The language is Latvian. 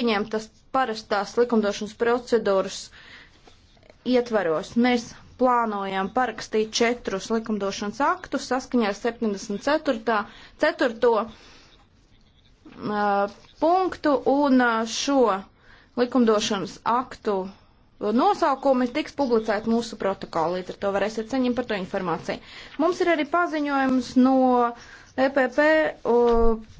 pieņemtas parastās likumdošanas procedūras ietvaros. Mēs plānojam parakstīt četrus likumdošanas aktus saskaņā ar 74. 4. Uh, punktu un uh, šo likumdošanas aktu nosaukumi tiks publicēti mūsu protokolā, līdz ar to varēsiet saņemt par to informāciju. Mums ir arī paziņojums no EPP. Uh,